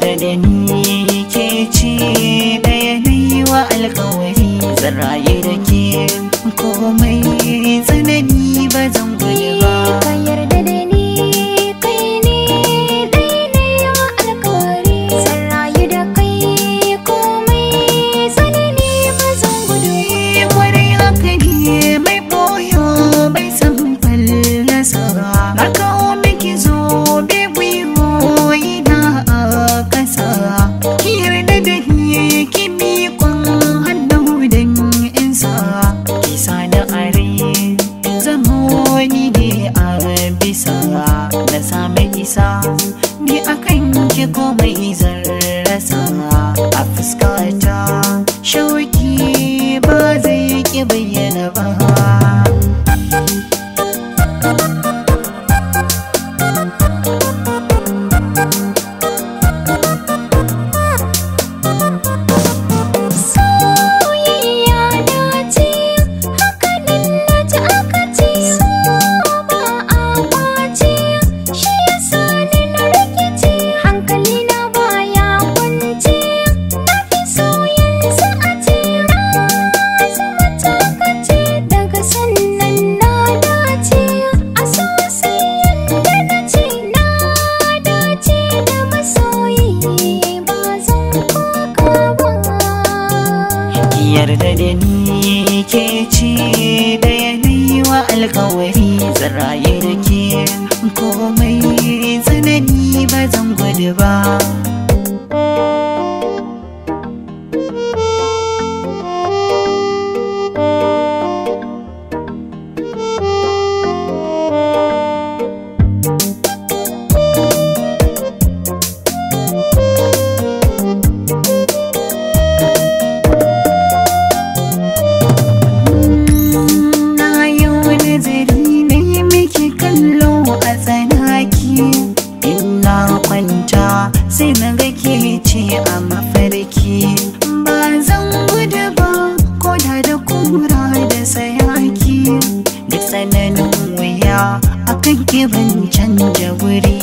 yarda da ni ke ce ɗaya wa alkawari zan raye da ke komai ki komai zan yarda da ni ke ci da yanayi wa alkawari zan rayu da ke komai tsanani ba zan gudu ba duk tsananin wuya akan kiban canja wuri